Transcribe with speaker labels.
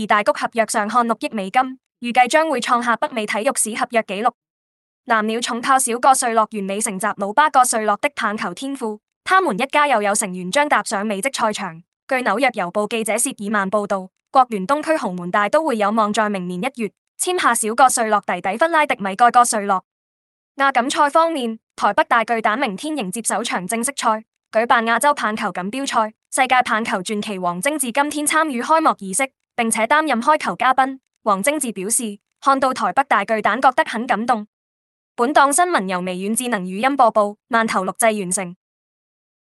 Speaker 1: 而大谷合約上看六億美金，預計將會創下北美體育史合約紀錄。藍鳥重炮小角瑞洛完美承襲老爸角瑞洛的棒球天賦，他們一家又有成員將踏上美職賽場。據紐約郵報記者謝爾曼報道，國聯東區豪門大都會有望在明年一月簽下小角瑞洛弟弟弗拉迪米哥角瑞洛。亞錦賽方面，台北大巨蛋明天迎接首場正式賽，舉辦亞洲棒球錦標賽。世界棒球傳奇王貞治今天參與開幕儀式，並且擔任開球嘉賓。王貞治表示，看到台北大巨蛋覺得很感動。本檔新聞由微軟智能語音播報，慢頭錄製完成。